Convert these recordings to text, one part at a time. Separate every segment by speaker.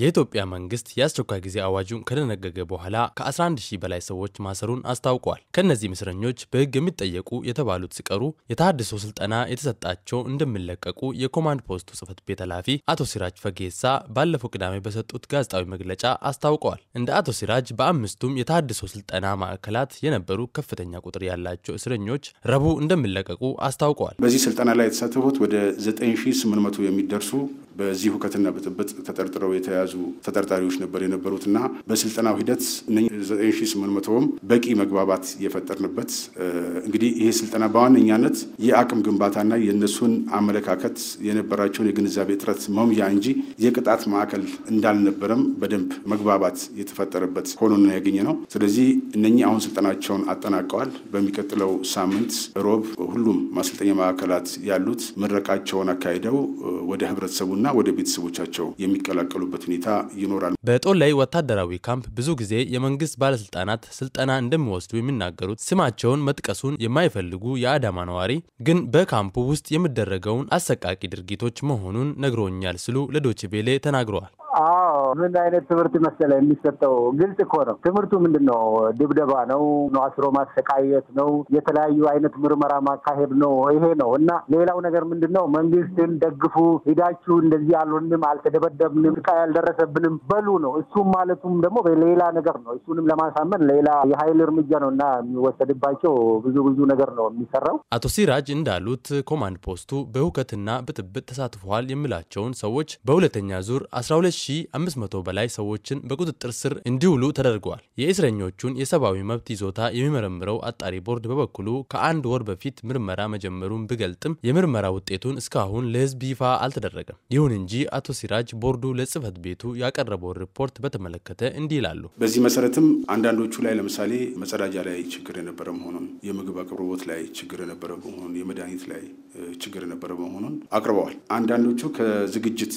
Speaker 1: የኢትዮጵያ መንግስት የአስቸኳይ ጊዜ አዋጁን ከደነገገ በኋላ ከ11 ሺህ በላይ ሰዎች ማሰሩን አስታውቋል። ከእነዚህም እስረኞች በህግ የሚጠየቁ የተባሉት ሲቀሩ የተሃድሶ ስልጠና የተሰጣቸው እንደሚለቀቁ የኮማንድ ፖስቱ ጽህፈት ቤት ኃላፊ አቶ ሲራጅ ፈጌሳ ባለፈው ቅዳሜ በሰጡት ጋዜጣዊ መግለጫ አስታውቀዋል። እንደ አቶ ሲራጅ በአምስቱም የተሃድሶ ስልጠና ማዕከላት የነበሩ ከፍተኛ ቁጥር ያላቸው እስረኞች ረቡዕ እንደሚለቀቁ አስታውቀዋል። በዚህ ስልጠና
Speaker 2: ላይ የተሳተፉት ወደ 9800 የሚደርሱ በዚህ ሁከትና ብጥብጥ ተጠርጥረው የተያዙ ተጠርጣሪዎች ነበር የነበሩትና በስልጠናው ሂደት ዘጠኝ ሺ ስምንት መቶውም በቂ መግባባት የፈጠርንበት እንግዲህ ይሄ ስልጠና በዋነኛነት የአቅም ግንባታና የእነሱን አመለካከት የነበራቸውን የግንዛቤ እጥረት መሙያ እንጂ የቅጣት ማዕከል እንዳልነበረም በደንብ መግባባት የተፈጠረበት ሆኖ ነው ያገኘ ነው። ስለዚህ እነኚህ አሁን ስልጠናቸውን አጠናቀዋል። በሚቀጥለው ሳምንት ሮብ ሁሉም ማሰልጠኛ ማዕከላት ያሉት ምረቃቸውን አካሂደው ወደ ህብረተሰቡ እና ወደ ቤተሰቦቻቸው የሚቀላቀሉበት ሁኔታ
Speaker 1: ይኖራል። በጦር ላይ ወታደራዊ ካምፕ ብዙ ጊዜ የመንግስት ባለስልጣናት ስልጠና እንደሚወስዱ የሚናገሩት ስማቸውን መጥቀሱን የማይፈልጉ የአዳማ ነዋሪ ግን በካምፑ ውስጥ የሚደረገውን አሰቃቂ ድርጊቶች መሆኑን ነግሮኛል ሲሉ ለዶችቬሌ ተናግረዋል።
Speaker 3: ምን አይነት ትምህርት መሰለ የሚሰጠው? ግልጽ እኮ ነው። ትምህርቱ ምንድን ነው? ድብደባ ነው፣ አስሮ ማሰቃየት ነው፣ የተለያዩ አይነት ምርመራ ማካሄድ ነው። ይሄ ነው እና ሌላው ነገር ምንድን ነው? መንግስትን ደግፉ፣ ሂዳችሁ እንደዚህ ያሉንም አልተደበደብንም፣ ቃ ያልደረሰብንም በሉ ነው። እሱም ማለቱም ደግሞ ሌላ ነገር ነው። እሱንም ለማሳመን ሌላ የሀይል እርምጃ ነው እና የሚወሰድባቸው ብዙ ብዙ ነገር ነው የሚሰራው።
Speaker 1: አቶ ሲራጅ እንዳሉት ኮማንድ ፖስቱ በሁከትና ብጥብጥ ተሳትፈዋል የሚላቸውን ሰዎች በሁለተኛ ዙር 12 መቶ በላይ ሰዎችን በቁጥጥር ስር እንዲውሉ ተደርገዋል። የእስረኞቹን የሰብአዊ መብት ይዞታ የሚመረምረው አጣሪ ቦርድ በበኩሉ ከአንድ ወር በፊት ምርመራ መጀመሩን ቢገልጥም የምርመራ ውጤቱን እስካሁን ለህዝብ ይፋ አልተደረገም። ይሁን እንጂ አቶ ሲራጅ ቦርዱ ለጽህፈት ቤቱ ያቀረበውን ሪፖርት በተመለከተ እንዲህ ይላሉ።
Speaker 2: በዚህ መሰረትም አንዳንዶቹ ላይ ለምሳሌ መጸዳጃ ላይ ችግር የነበረ መሆኑን፣ የምግብ አቅርቦት ላይ ችግር የነበረ መሆኑን፣ የመድኃኒት ላይ ችግር የነበረ መሆኑን አቅርበዋል። አንዳንዶቹ ከዝግጅት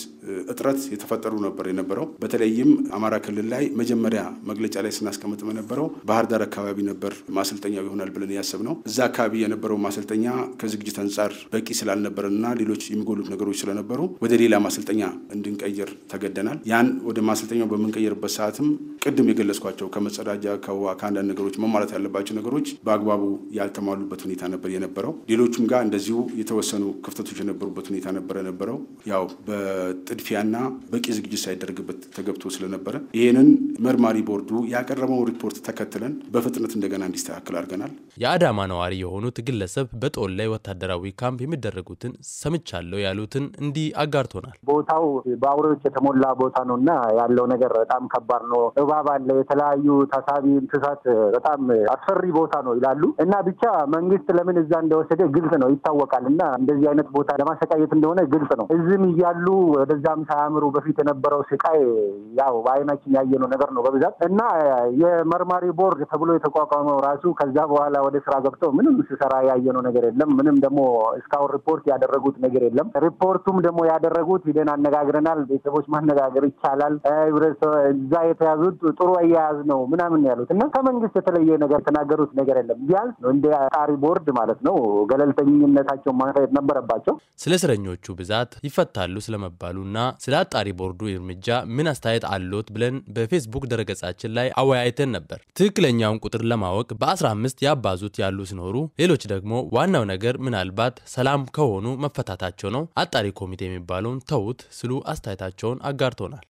Speaker 2: እጥረት የተፈጠሩ ነበር የነበረው በተለይም አማራ ክልል ላይ መጀመሪያ መግለጫ ላይ ስናስቀምጥ የነበረው ባህር ዳር አካባቢ ነበር ማሰልጠኛ ይሆናል ብለን ያሰብ ነው። እዛ አካባቢ የነበረው ማሰልጠኛ ከዝግጅት አንጻር በቂ ስላልነበረና ሌሎች የሚጎሉት ነገሮች ስለነበሩ ወደ ሌላ ማሰልጠኛ እንድንቀይር ተገደናል። ያን ወደ ማሰልጠኛው በምንቀይርበት ሰዓትም ቅድም የገለጽኳቸው ከመጸዳጃ ከውሃ ከአንዳንድ ነገሮች መሟላት ያለባቸው ነገሮች በአግባቡ ያልተሟሉበት ሁኔታ ነበር የነበረው። ሌሎቹም ጋር እንደዚሁ የተወሰኑ ክፍተቶች የነበሩበት ሁኔታ ነበረ ነበረው ያው በጥድፊያና በቂ ዝግጅት ሳይደረግበት ተገብቶ ስለነበረ ይህንን መርማሪ ቦርዱ ያቀረበውን ሪፖርት ተከትለን በፍጥነት እንደገና
Speaker 3: እንዲስተካከል አድርገናል።
Speaker 1: የአዳማ ነዋሪ የሆኑት ግለሰብ በጦል ላይ ወታደራዊ ካምፕ የሚደረጉትን ሰምቻለሁ ያሉትን እንዲህ አጋርቶናል።
Speaker 3: ቦታው በአውሬዎች የተሞላ ቦታ ነው እና ያለው ነገር በጣም ከባድ ነው። እባብ አለ፣ የተለያዩ ታሳቢ እንስሳት፣ በጣም አስፈሪ ቦታ ነው ይላሉ እና ብቻ መንግስት ለምን እዛ እንደወሰደ ግልጽ ነው ይታወቃል። እና እንደዚህ አይነት ቦታ ለማሰቃየት እንደሆነ ግልጽ ነው። እዝም እያሉ ወደዛም ሳያምሩ በፊት የነበረው ስቃይ ያው በአይናችን ያየነው ነገር ነው በብዛት እና የመርማሪ ቦርድ ተብሎ የተቋቋመው ራሱ ከዛ በኋላ ወደ ስራ ገብተው ምንም ስሰራ ያየነው ነገር የለም። ምንም ደግሞ እስካሁን ሪፖርት ያደረጉት ነገር የለም። ሪፖርቱም ደግሞ ያደረጉት ሂደን አነጋግረናል፣ ቤተሰቦች ማነጋገር ይቻላል፣ እዛ የተያዙት ጥሩ አያያዝ ነው ምናምን ያሉት እና ከመንግስት የተለየ ነገር የተናገሩት ነገር የለም። ቢያንስ እንደ አጣሪ ቦርድ ማለት ነው ገለልተኝነታቸው ማቅረብ ነበረባቸው።
Speaker 1: ስለ እስረኞቹ ብዛት፣ ይፈታሉ ስለመባሉና ስለ አጣሪ ቦርዱ እርምጃ ምን አስተያየት አሎት ብለን በፌስቡክ ደረገጻችን ላይ አወያይተን ነበር። ትክክለኛውን ቁጥር ለማወቅ በ15 ያባዙት ያሉ ሲኖሩ፣ ሌሎች ደግሞ ዋናው ነገር ምናልባት ሰላም ከሆኑ መፈታታቸው ነው፣ አጣሪ ኮሚቴ የሚባለውን ተዉት ስሉ አስተያየታቸውን አጋርቶናል።